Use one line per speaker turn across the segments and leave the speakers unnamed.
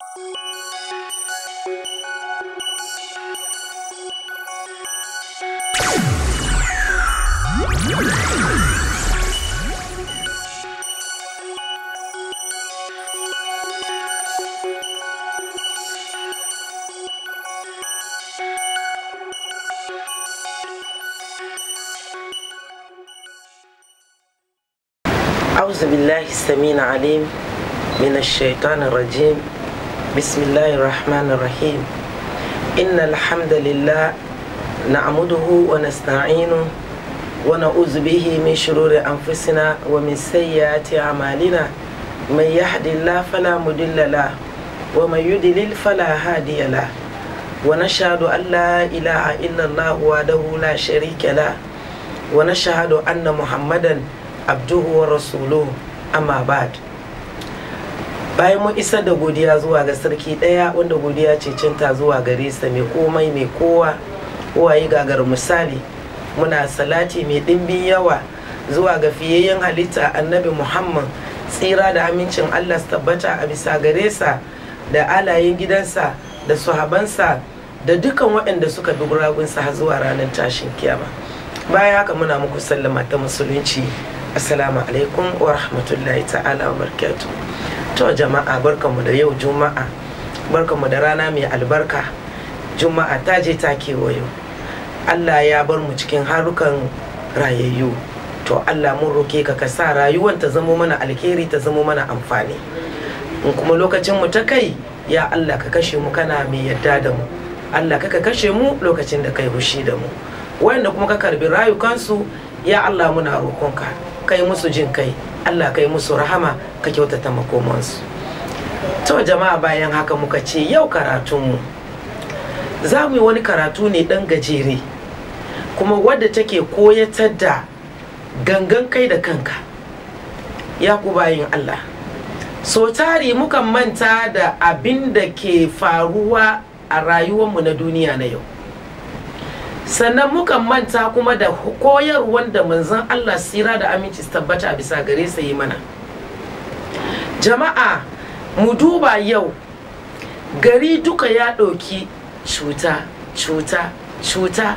أعوذ بالله السميع العليم من الشيطان الرجيم بسم الله الرحمن الرحيم إن الحمد لله نعمده ونستعينه ونعوذ به من شرور أنفسنا ومن سيئات أعمالنا من يهد الله فلا مضل له ومن يضلل فلا هادي له ونشهد أن لا إله إلا الله وحده لا شريك له ونشهد أن محمدا عبده ورسوله أما بعد bayan mun isar da godiya zuwa ga sarki ɗaya wanda godiya ce cinta zuwa gare sa mai komai mai kowa waye gagar misali muna salati mai ɗimbin yawa zuwa ga fiyayyen halitta annabi muhammad tsira da amincin allah su tabbata a bisa gare sa da alayen gidansa da suhabansa da dukan waɗanda suka bi guragunsa har zuwa ranar tashin kiyama baya haka muna muku sallama ta musulunci assalamu alaikum wa rahmatullahi ta'ala wa barakatuh To jama'a barkanmu da yau juma'a barkanmu da rana mai albarka juma'a ta je ta kewayo Allah ya bar mu cikin harukan rayayyu to Allah mun roke ka ka sa rayuwar ta zamo mana alheri ta zamo mana amfani in kuma lokacin mu ta kai ya Allah ka kashe mu kana mai yadda da mu Allah ka kashe mu lokacin da kai hushi da mu wanda kuma ka karbi rayukansu ya Allah muna roƙonka kai musu jin kai Allah ka yi musu rahama ka kyautata makomansu to jama'a bayan haka muka ce yau karatunmu za mu yi wani karatu ne ɗan gajere kuma wadda take koyatar da gangan kai da kanka ya ku bayin Allah so tari muka manta da abin da ke faruwa a rayuwarmu na duniya na yau sannan muka manta kuma da koyarwan da manzon Allah sira da aminci tabbata a bisa gare sa yi mana jama'a mu duba yau gari duka ya ɗauki cuta cuta cuta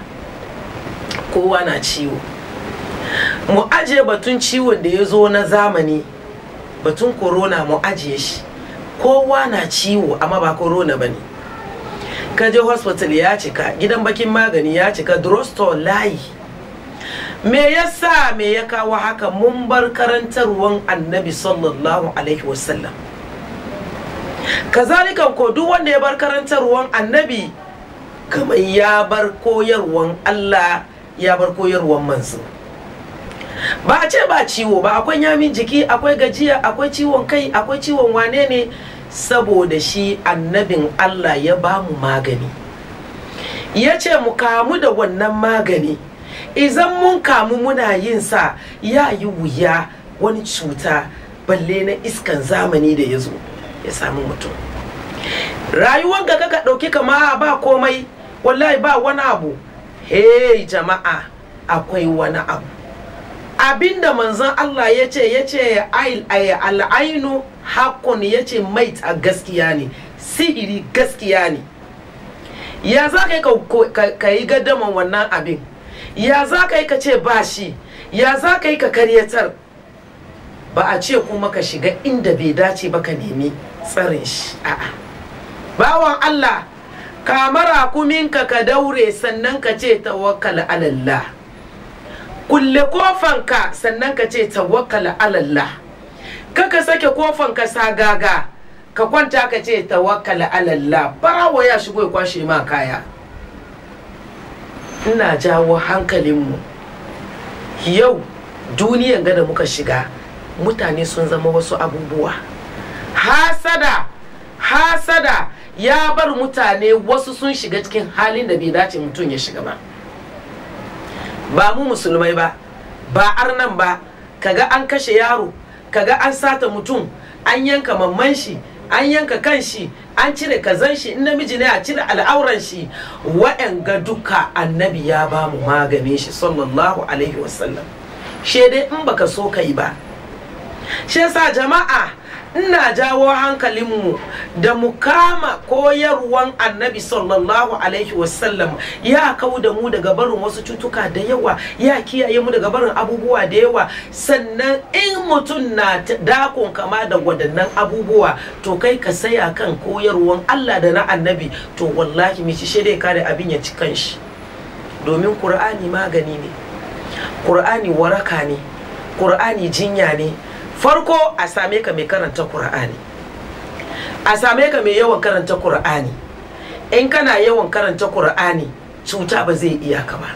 kowa na ciwo mu ajiye batun ciwon da ya zo na zamani batun corona mu ajiye shi kowa na ciwo amma ba corona ba ne ka je hospital ya cika gidan bakin magani ya cika drugstore layi me yasa me ya kawo haka mun bar karantarwan annabi sallallahu alaihi wasallam kazalikan ko duk wanda ya bar karantarwan annabi kamar ya bar koyarwan Allah ya bar koyarwan manzo ba a ce ba ciwo ba akwai yamin jiki akwai gajiya akwai ciwon kai akwai ciwon wane ne saboda shi annabin Allah ya ba mu magani ya ce mu kamu da wannan magani izan mun kamu muna yin sa ya yi wuya wani cuta balle na iskan zamani da ya zo ya samu mutum rayuwar ga ka ɗauki kama ba komai wallahi ba wani abu hey jama'a akwai wani abu abinda manzon Allah ya ce ya ce al'ainu Hakun ya ce mait a gaskiya ne sihiri gaskiya ne ya za ka yi ka yi gaddaman wannan abin ya za ka yi ka ce ba shi ya za ka yi ka karyatar ba a ce kuma ka shiga inda bai dace ba ka nemi tsarin shi a'a bawan Allah kama kuminka ka daure sannan ka ce tawakkal alallah kulle kofanka sannan ka ce tawakkal alallah kaka sake kofan ka sagaga ka kwanta ka ce tawakkala alallah barawa ya shigo ya kwashe ma kaya ina jawo hankalinmu yau duniyan gada muka shiga mutane sun zama wasu abubuwa hasada hasada ya bar mutane wasu sun shiga cikin halin da bai dace mutum ya shiga ba ba mu musulmai ba ba arnan ba kaga an kashe yaro kaga an sata mutum an yanka mamman shi an yanka kan shi an cire kazan shi in namiji ne a cire al'auran shi ga duka annabi ya ba mu magane shi sallallahu alaihi wasallam shede dai in baka so kai ba shi yasa jama'a ina jawo hankalinmu da mu kama koyarwan annabi sallallahu alaihi wasallam ya kau da mu daga barin wasu cutuka da yawa ya kiyaye mu daga barin abubuwa da yawa sannan in mutum na dakon kama da waɗannan abubuwa to kai ka saya kan koyarwan Allah da na annabi to wallahi mai shi dai kare abin ya ci kanshi domin Qur'ani magani ne Qur'ani waraka ne Qur'ani jinya ne farko a same ka mai karanta qur'ani a same ka mai yawan karanta Kur'ani, in kana yawan karanta qur'ani cuta ba zai iya ka ba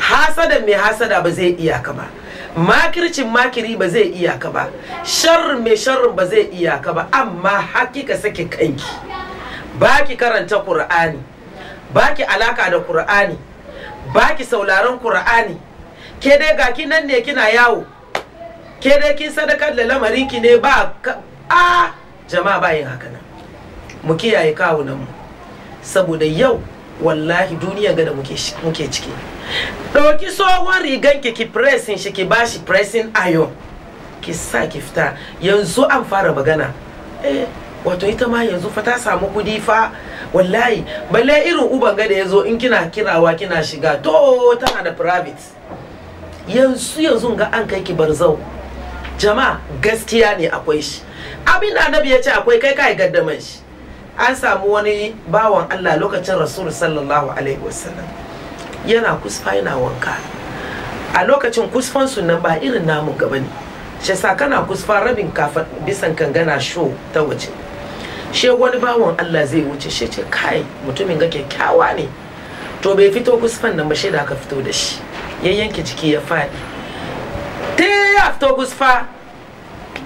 hasada mai hasada ba zai iya ka ba makircin makiri ba zai iya ka ba sharrin mai sharrin ba zai iya ka ba amma hakika sake kanki baki karanta ba baki alaka da ba baki sauraron Kur'ani, ke dai ga nan ne kina yawo ke dai kin sadakar da lamarinki ki ne ba a jama'a ba yin haka nan mu kiyaye kawunan mu saboda yau wallahi duniya ga da muke ciki ɗauki tsohon rigan ki ki pressing shi ki bashi pressing ayon ki sa ki fita yanzu an fara magana eh wato ita ma yanzu fa ta samu kudi fa wallahi balle irin uban ga ya zo in kina kirawa kina shiga to tana da private yanzu yanzu ga an kai ki barzau jama'a gaskiya ne akwai shi abin da annabi ya ce akwai kai kai gaddaman shi an samu wani bawan Allah lokacin rasul sallallahu alaihi wasallam yana kusfa yana wanka a lokacin kusfan sunan ba irin namu gaba ne shi kana kusfa rabin kafa bisan kangana sho ta waje shi wani bawan Allah zai wuce shi ce kai mutumin ga kyakkyawa ne to bai fito kusfan nan ba shi da aka fito da shi ya yanke ciki ya faɗi Yi ya fito gusfa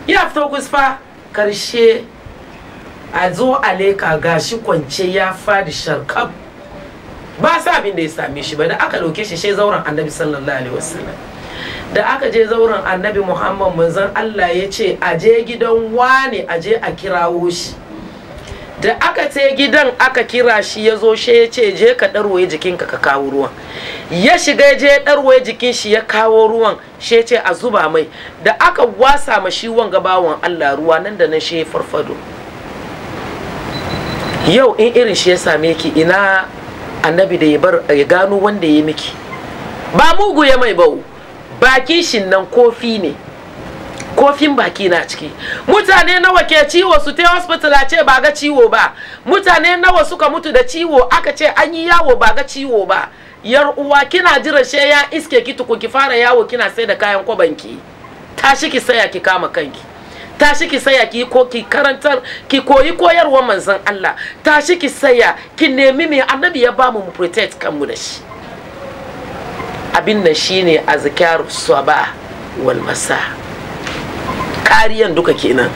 ya fito gusfa karshe a zo a leka gashi kwance ya fadi sharkab ba sa abin da ya same shi ba da aka ɗauke shi shi zauren annabi sallallahu alaihi wasallam da aka je zauren annabi muhammad manzon allah ya ce a je gidan wane a je a kirawo shi da aka ce gidan aka kira shi ya zo shi ya ce je ka ɗarwaye jikinka ka kawo ruwan ya shiga je ɗarwaye jikin shi ya kawo ruwan shi ya ce a zuba mai da aka wasa ma shi wanga bawan Allah ruwa nan da nan shi ya farfado yau in irin shi ya same ki ina annabi da ya gano wanda ya miki ba mugu ya mai bau bakin shi nan kofi ne kofin baki na ciki mutane nawa ke ciwo su ta hospital a ce ba ga ciwo ba mutane nawa suka mutu da ciwo aka ce an yi yawo ba ga ciwo ba yar uwa kina jira she ya iske ki tuku ki fara yawo kina sai da kayan kwabanki tashi ki saya ki kama kanki tashi ki saya ki ko ki karantar ki koyi koyarwar manzon Allah tashi ki saya ki nemi me annabi ya bamu mu protect kanmu da shi abin nan shine azkar sabah wal masa kariyan duka kenan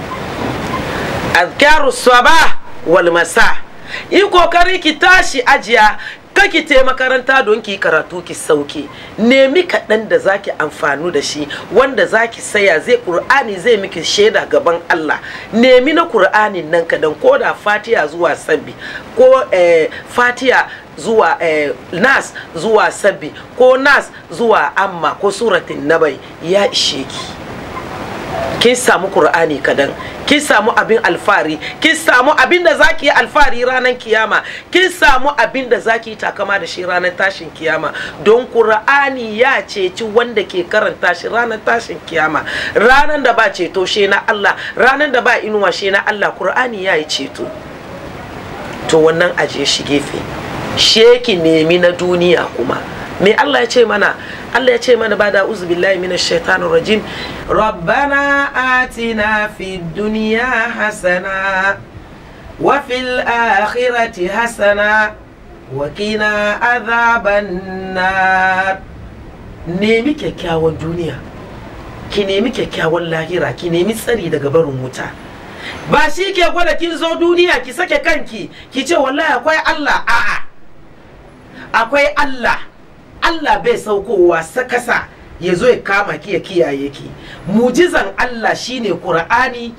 azkaru sabah wal masa yi kokari ki tashi ajiya kaki te makaranta don ki karatu ki sauki. nemi kaɗan da zaki amfanu da shi wanda zaki saya zai ƙur'ani zai miki shaida gaban Allah nemi na ƙur'anin nan kaɗan ko da fatiya zuwa sabbi ko eh, fatiya zuwa eh, nas zuwa sabbi ko nas zuwa amma ko suratin nabai ya ishe ki kin samu qur'ani kadan kin samu abin alfari kin samu abin da zaki yi alfari ranar kiyama kin samu abin da zaki yi takama da shi ranar tashin kiyama don qur'ani ya ceci wanda ke karanta shi ranar tashin kiyama Ranan da ba ceto shi na Allah ranar da ba inuwa shi na Allah qur'ani ya yi ceto to wannan aje shi gefe sheki nemi na duniya kuma me Allah ya ce mana Allah ya ce mana ba da uzu billahi mina shaitanu rajim rabbana atina fi duniya hasana wa fil akhirati hasana wa kina azaban nar nemi kyakkyawan duniya ki nemi kyakkyawan lahira ki nemi tsari daga barin wuta ba shi ke gwada kin zo duniya ki sake kanki ki ce wallahi akwai Allah a'a akwai Allah Allah bai saukowa sakasa ya zo ya kama ki ya kiyaye ki mujizan Allah shine Qur'ani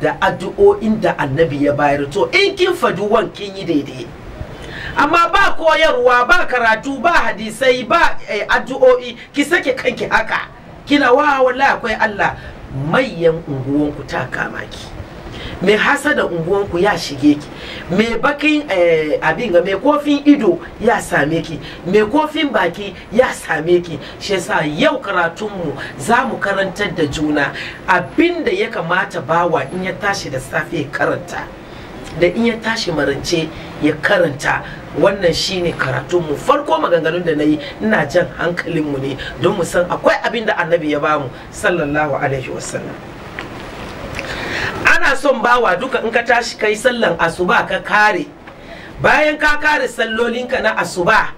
da addu'o'in da annabi ya bayar to in kin fadu wan kin yi daidai amma ba koyarwa ba karatu ba hadisai ba eh, addu'o'i ki sake kanki haka kina wa wallahi akwai Allah mayan unguwanku ta kama ki mai hasada unguwanku ya shige ki mai bakin eh, abin ga mai kofin ido ya same ki mai kofin baki ya same ki shi yasa yau karatunmu za mu karantar da juna abinda ya kamata bawa in ya tashi da safe ya karanta da in ya tashi marance ya karanta wannan shine karatunmu farko maganganun da na yi ina jan hankalinmu ne don mu san akwai abinda annabi ya bamu sallallahu alaihi wasallam Kana son bawa duka in ka tashi kai sallan asuba ka kare bayan ka kare sallolinka na asuba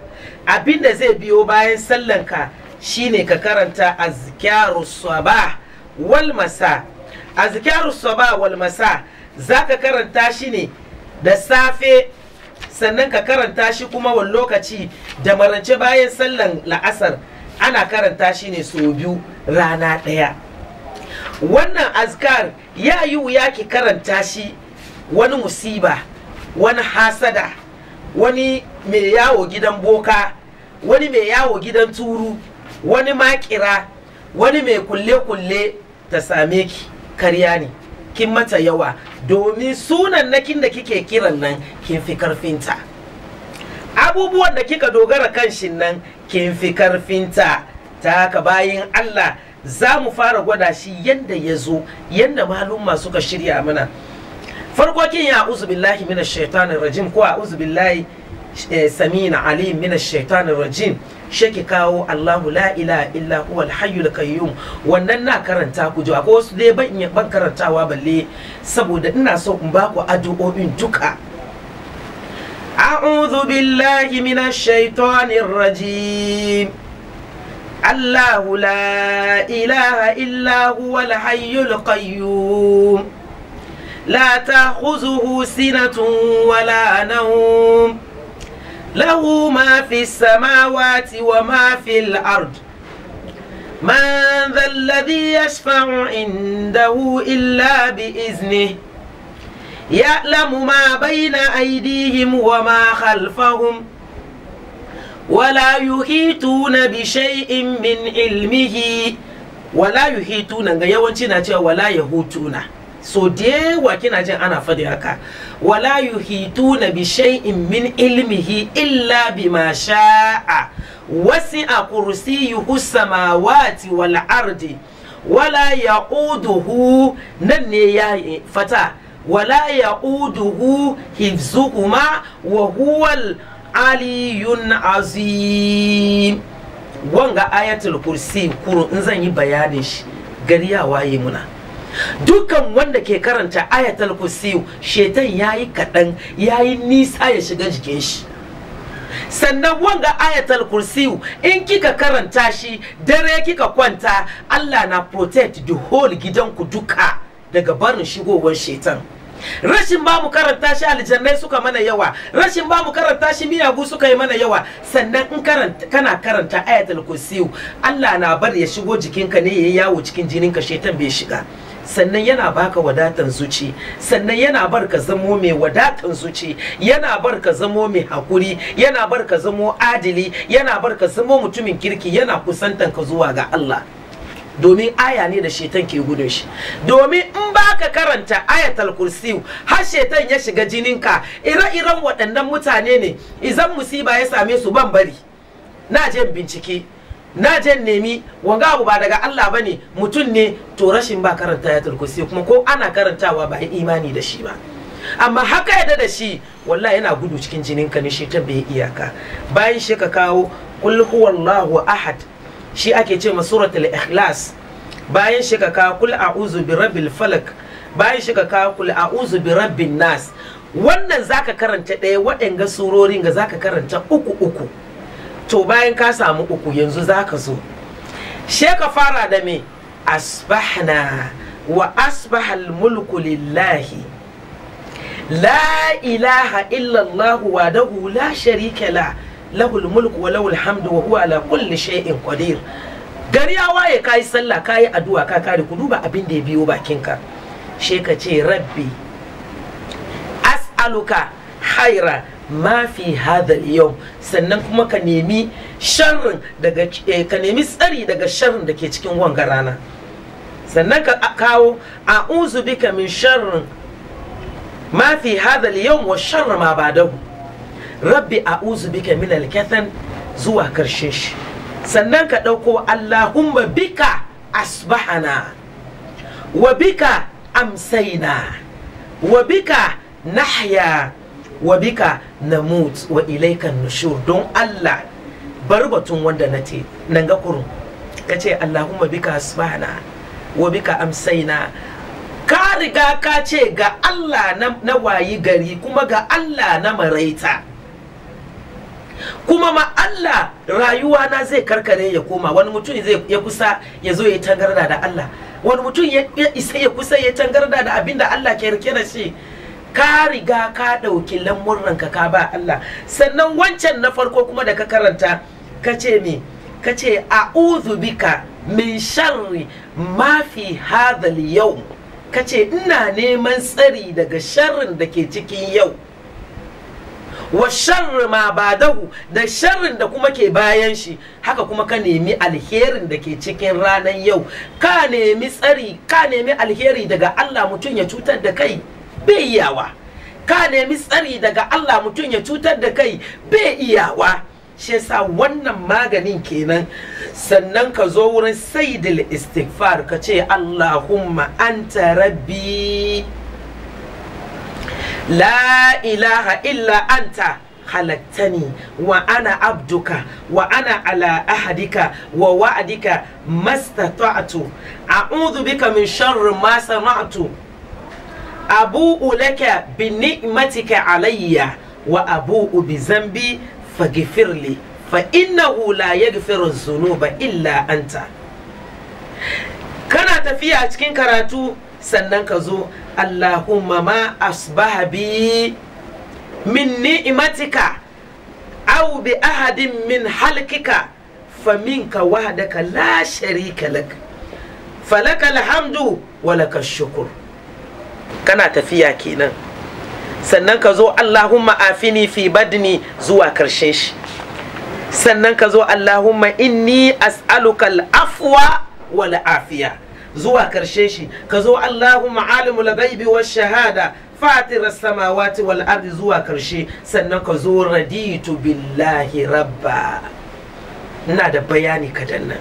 abin da zai biyo bayan sallanka shine ka karanta azkyaru sabah wal masa azkyaru sabah wal masa zaka karanta shi ne da safe sannan ka karanta shi kuma wani lokaci da marance bayan sallan la'asar ana karanta shi ne sau biyu rana ɗaya wannan azkar ya yi wuya ki karanta shi wani musiba wani hasada wani mai yawo gidan boka wani mai yawo gidan turu wani makira wani mai kulle-kulle ta same ki karya ne kin mata yawa domin sunan nakin da kike kiran nan kin fi karfinta abubuwan da kika dogara kan shi nan kin fi karfinta ta haka bayin Allah za mu fara gwada shi yadda ya zo yadda malumma suka shirya mana farko kin ya uzu billahi mina shaitanin rajim ko a uzu billahi eh, na alim minash shaitanin rajim shake kawo Allahu la ilaha illa huwal hayyul wannan na karanta ku jiwa ko wasu dai ban ban karantawa balle saboda ina so in ba ku addu'o'in duka a'udhu billahi minash shaitanir rajim. الله لا إله إلا هو الحي القيوم لا تأخذه سنة ولا نوم له ما في السماوات وما في الأرض من ذا الذي يشفع عنده إلا بإذنه
يعلم
ما بين أيديهم وما خلفهم wala yuhituna bi min ilmihi wala ga yawanci na cewa wala yahutuna so wa kina jin ana faɗi haka wala yuhituna bi shay'in min ilmihi illa bima sha'a wasi'a kursiyuhu samawati wal ardi wala ya'uduhu nan ne ya fata wala ya'uduhu hifzuhuma wa huwal aliyun azim wanga ayatul kursi kurun in zan yi bayanin shi gari ya waye muna dukkan wanda ke karanta ayatul kursi shetan yayi kadan yayi nisa ya shiga jikin shi sannan wanga ayatul kursi in kika karanta shi dare kika kwanta Allah na protect the whole gidanku duka daga barin shigowar shetan rashin ba karanta shi aljannai suka mana yawa rashin ba karanta shi miyagu suka yi mana yawa sannan in karanta kana karanta ayatul kursiyu Allah na bar ya shigo jikinka ne yayi yawo cikin jininka shetan bai shiga sannan yana baka wadatan zuci sannan yana barka zamo mai wadatan zuci yana barka zamo mai hakuri yana barka zamo adili yana barka zamo mutumin kirki yana kusantan ka zuwa ga Allah domin aya ne da shetan ke gudun shi domin in baka karanta ayatul kursi har shetan ya shiga jinin ka ire-iren waɗannan mutane ne Izan musiba ya same su ban bari na je bincike na je nemi wanga abu ba daga Allah bane mutum ne to rashin ba karanta ayatul kursi kuma ko ana karantawa ba imani da shi ba amma haka yadda da shi wallahi yana gudu cikin jininka ne shetan bai iyaka bayan shi ka kawo kullu huwallahu ahad shi ake ce suratul ikhlas bayan shi ka kawo kul a'udhu bi rabbil falak bayan shi ka kawo kul a'udhu bi rabbin nas wannan zaka karanta ɗaya waɗanga surorin ga zaka karanta uku uku to bayan ka samu uku yanzu zaka zo she ka fara da me asbahna wa asbahal mulku lillahi la ilaha wa wadahu la sharika la lahul mulku wa lahul hamdu wa huwa ala kulli shay'in qadir gari ya waye kayi sallah kayi addu'a ka kare ku duba abin da ya biyo bakinka she ka ce rabbi as'aluka haira ma fi al yau sannan kuma ka nemi sharrin daga eh, ka nemi tsari daga sharrin da ke cikin wanga rana sannan ka kawo a'uzu bika min sharrin ma fi al yau wa sharra ma badahu rabbi a uzu bika min zuwa karshen shi sannan ka ɗauko allahumma bika asbahana wa bika amsaina wa bika nahya wa bika namut wa ilaika nushur don allah bari batun wanda na ce nan ga kurun ka ce allahumma bika asbahana wa bika amsaina ka riga ka ce ga allah na wayi gari kuma ga allah na maraita kuma ma Allah rayuwa na zai karkare ya koma wani mutum zai ya kusa ya zo ya tangarda da Allah wani mutum ya isa ya kusa ya tangarda da abin da Allah ke rike da shi ka riga ka ɗauki lamurranka ka ba Allah sannan wancan na farko kuma da ka karanta ka ce me ka ce a'udhu bika min sharri ma fi hadhal yau ka ce ina neman tsari daga sharrin da ke cikin yau wa sharri ma badahu da sharrin da kuma ke bayan shi haka kuma ka nemi alherin da ke cikin ranar yau ka nemi tsari ka nemi alheri daga Allah mutum ya cutar da kai bai iyawa ka nemi tsari daga Allah mutum ya cutar da kai bai iyawa shi yasa wannan maganin kenan sannan ka zo wurin saidil istighfar ka ce Allahumma anta rabbi la ilaha illa anta halattani wa ana abduka wa ana ala ahadika wa wa'adika mastata'tu a'udhu bika min sharri ma sana'tu abu'u laka bi ni'matika alayya wa abu'u bi zambi faghfirli fa innahu la yaghfiru dhunuba illa anta kana tafiya cikin karatu sannan ka zo Allahumma ma asbaha bi min ni'matika aw bi ahadin min halkika faminka wahdaka la sharika lak falaka alhamdu wa laka shukur kana tafiya kenan sannan ka zo Allahumma afini fi badni zuwa karshen shi sannan ka zo Allahumma inni as'aluka al-afwa wal afiya zuwa karshe shi ka zo Allahumma alimul ghaibi wash shahada fatir samawati wal ardi zuwa karshe sannan ka zo raditu billahi rabba ina da bayani ka nan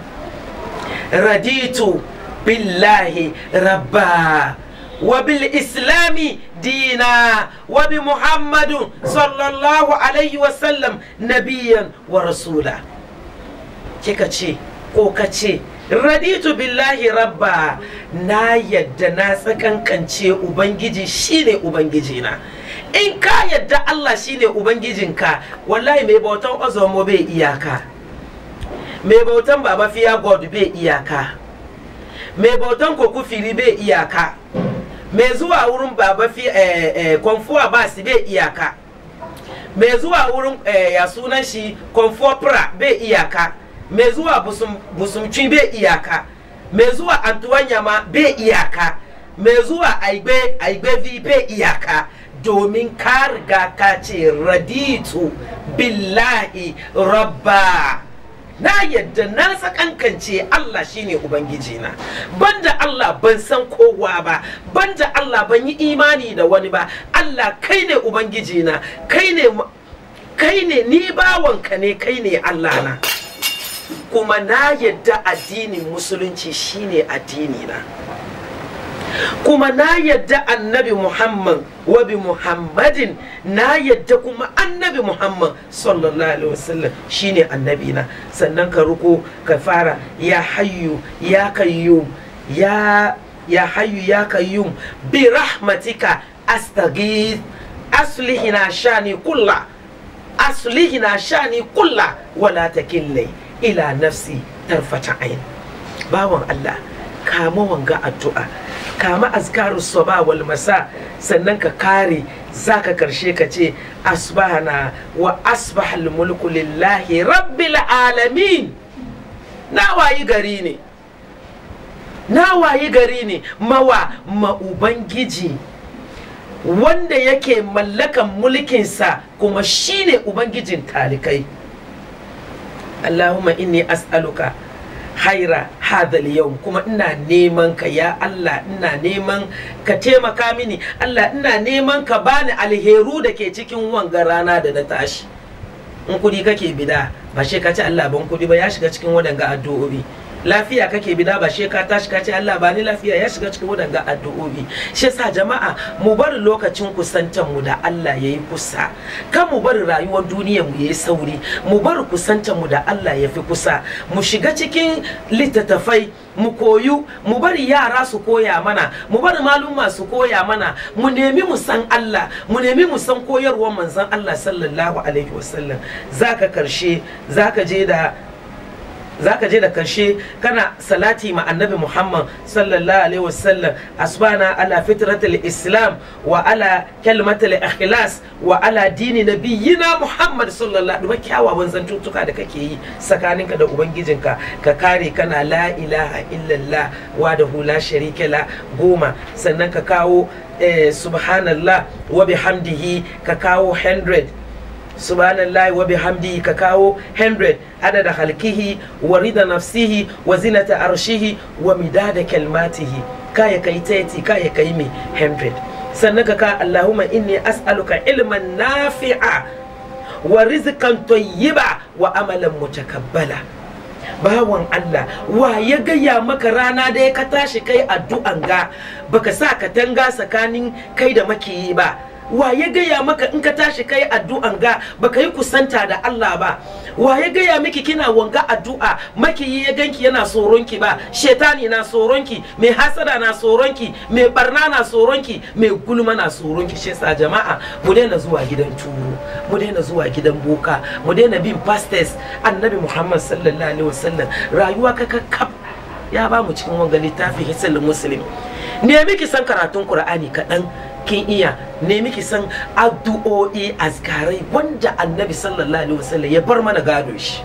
raditu billahi rabba islami وبالإسلام دينا وبمحمد صلى الله عليه rasula نبيا ورسولا ce ko ka ce raditu billahi rabba na yadda na tsakankance ubangiji shine ubangiji na in ka yadda Allah shine ubangijinka wallahi mai bautan ozomo bai iyaka mai bautan baba fiya god bai iyaka mai bautan fili bai iyaka mai zuwa wurin baba fi eh, eh ba su bai iyaka mai zuwa wurin eh, ya sunan shi konfuwa pra bai iyaka mai zuwa busumci bai iyaka mai zuwa antuwanya ma bai iyaka mai zuwa aigbe aigbe bai iyaka domin kar ka ce raditu billahi rabba na yadda na tsakankance Allah shine ubangiji na banda Allah ban san kowa ba banda Allah ban yi imani da wani ba Allah kai ne ubangiji na kai ne kai ne ni bawanka ne kai ne Allah na kuma na yadda addinin musulunci shine addini na kuma na yadda annabi muhammad wa bi muhammadin na yadda kuma annabi muhammad sallallahu alaihi wasallam shine annabi na sannan ka ruko ka fara ya hayyu ya kayyum ya ya hayyu ya kayyum bi rahmatika astaghith aslihina shani kulla aslihina shani kulla wala takillai ila nafsi tarfata ain bawan Allah kama wanga addu'a kama azkaru saba wal masa sannan ka kare zaka karshe ka ce asbahana wa al mulku lillahi rabbil alamin na wayi gari ne na wayi gari ne mawa ma ubangiji wanda yake mallakan mulkinsa kuma shine ubangijin talikai Allahumma inni as'aluka haira hadhal yau kuma ina neman ka ya Allah ina neman ka taimaka mini Allah ina neman ka bani alheru da ke cikin wanga rana da na tashi in kudi kake bida ba shi ka ci Allah ban kudi ba ya shiga cikin wadanga addu'o'i lafiya kake bida ba she ka tashi ka ce Allah ba ni lafiya ya shiga cikin wadanga addu'o'i she sa jama'a mu bar lokacin kusantar mu da Allah yayi kusa kan mu bar rayuwar duniyar mu yayi sauri mu bari kusantar mu da Allah yafi kusa mu shiga cikin littattafai mu koyu mu bari yara su koya mana mu bari maluma su koya mana mu nemi mu san Allah mu nemi mu san koyarwar manzon Allah sallallahu alaihi wasallam zaka karshe zaka je da zaka je da karshe kana salati ma annabi muhammad sallallahu alaihi wasallam asbana ala fitratul islam wa ala kalmatul ikhlas wa ala dini nabiyina muhammad sallallahu alaihi kyawawan zantuttuka da kake yi tsakaninka da ubangijinka ka kare kana la ilaha illallah wa da hula sharika goma sannan ka kawo eh, subhanallah wa bihamdihi ka kawo 100 subhanallah wa bihamdihi ka kawo 100 adada halkihi wa rida nafsihi wa zinata arshihi wa midada kalmatihi kaya kai taiti kaya kai mai 100 sannan ka ka allahumma inni as'aluka ilman nafi'a wa rizqan tayyiba wa amalan mutakabbala bawan Allah wa ya gaya maka rana da ya ka tashi kai addu'an ga baka sa katanga tsakanin kai da makiyi ba wa ya gaya maka in ka tashi kai addu'an ga baka yi kusanta da Allah ba wa ya gaya miki kina wanga addu'a yi ya ganki yana tsoronki ba shetani na tsoronki mai hasada na tsoronki mai barna na tsoronki mai gulma na tsoronki shi sa jama'a mu daina zuwa gidan turu mu daina zuwa gidan boka mu daina bin pastors annabi Muhammad sallallahu alaihi wasallam rayuwa ka kaf ya ba mu cikin wanga littafin hisal muslim nemi ki san karatun qur'ani kaɗan kin iya ne miki san addu'o'i azkarai wanda annabi sallallahu alaihi wasallam ya bar mana gado shi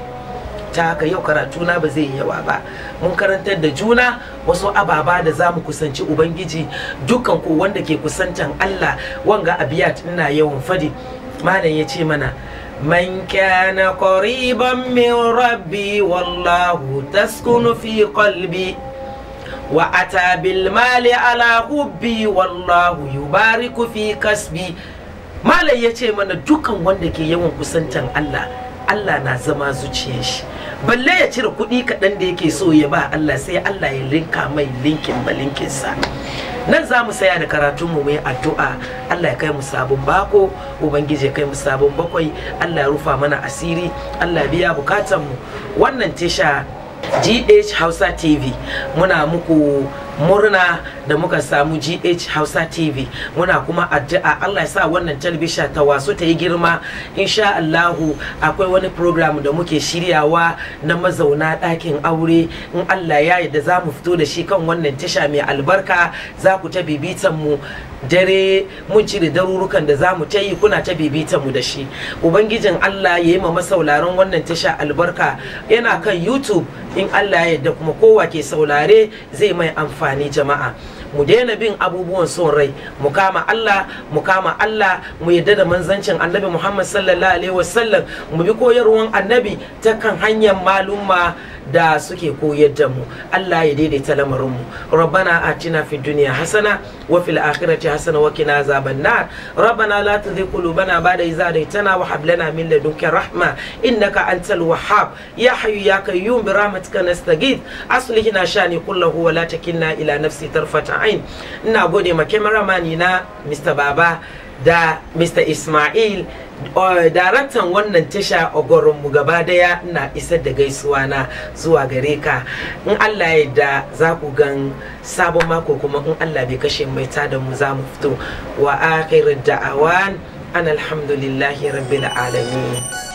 ta haka yau karatu na ba zai yi yawa ba mun karantar da juna wasu ababa da za mu kusanci ubangiji dukkan ku wanda ke kusantan Allah wanga abiyat ina yawan fadi malam ya ce mana من كان قريبا من ربي والله تسكن في قلبي wa ata bil mali ala hubbi wallahu yubariku fi kasbi malai ya ce mana dukan wanda ke yawan kusantan Allah Allah na zama zuciyar shi balle ya cire kuɗi kaɗan da yake so ya ba Allah sai Allah ya linka mai linkin balinkinsa nan za mu saya da karatun mu yi addu'a Allah ya kai mu sabon bako ubangiji ya kai mu sabon bakwai Allah ya rufa mana asiri Allah ya biya bukatan mu wannan tisha gh hausa tv muna muku murna da muka samu GH Hausa TV muna kuma addu'a Allah ya sa wannan talbisha ta wasu ta yi girma insha Allahu akwai wani program da muke shiryawa na mazauna ɗakin aure in Allah ya yarda za mu fito da shi kan wannan tasha mai albarka za ku ta bibitan mu dare mun cire darurukan da za mu ta yi kuna ta bibitan mu da shi ubangijin Allah ya yi ma masauraran wannan tasha albarka yana kan YouTube in Allah ya yarda kuma kowa ke saurare zai mai amfani jama'a mu daina bin abubuwan son rai mu kama Allah mu kama Allah mu yadda da manzancin annabi Muhammad sallallahu alaihi wasallam mu bi koyarwan annabi ta kan hanyar maluma da suke koyar da mu Allah ya daidaita lamarin mu rabbana atina fid dunya hasana wa fil akhirati hasana wa qina azaban nar rabbana la tuzigh qulubana ba'da idh hadaytana wa hab lana min ladunka rahma innaka antal wahhab ya hayyu ya qayyum bi rahmatika nastaghith aslihna shani kullahu wa la takilna ila nafsi tarfata ajma'in ina gode ma kemaramani na Mr. Baba da Mr. Ismail daraktan wannan tasha mu gaba daya na isar da gaisuwa na zuwa gare ka in Allah ya da za ku gan sabon mako kuma in Allah bai kashe mai tada mu za mu fito wa akhirud da'awan an alhamdulillahi rabbil alamin